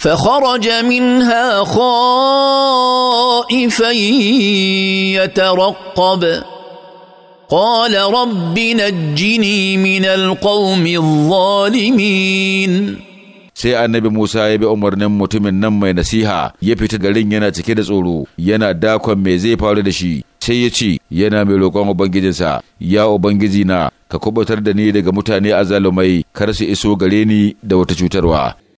فخرج منها خائفا يترقب قال رب نجني من القوم الظالمين sai annabi Musa ya bi umarnin mutumin nan mai nasiha ya fita garin yana cike da tsoro yana dakon me zai faru da shi sai ya ce yana mai roƙon ubangijinsa ya ubangiji na ka kubutar da ni daga mutane azalumai kar su iso gare ni da wata cutarwa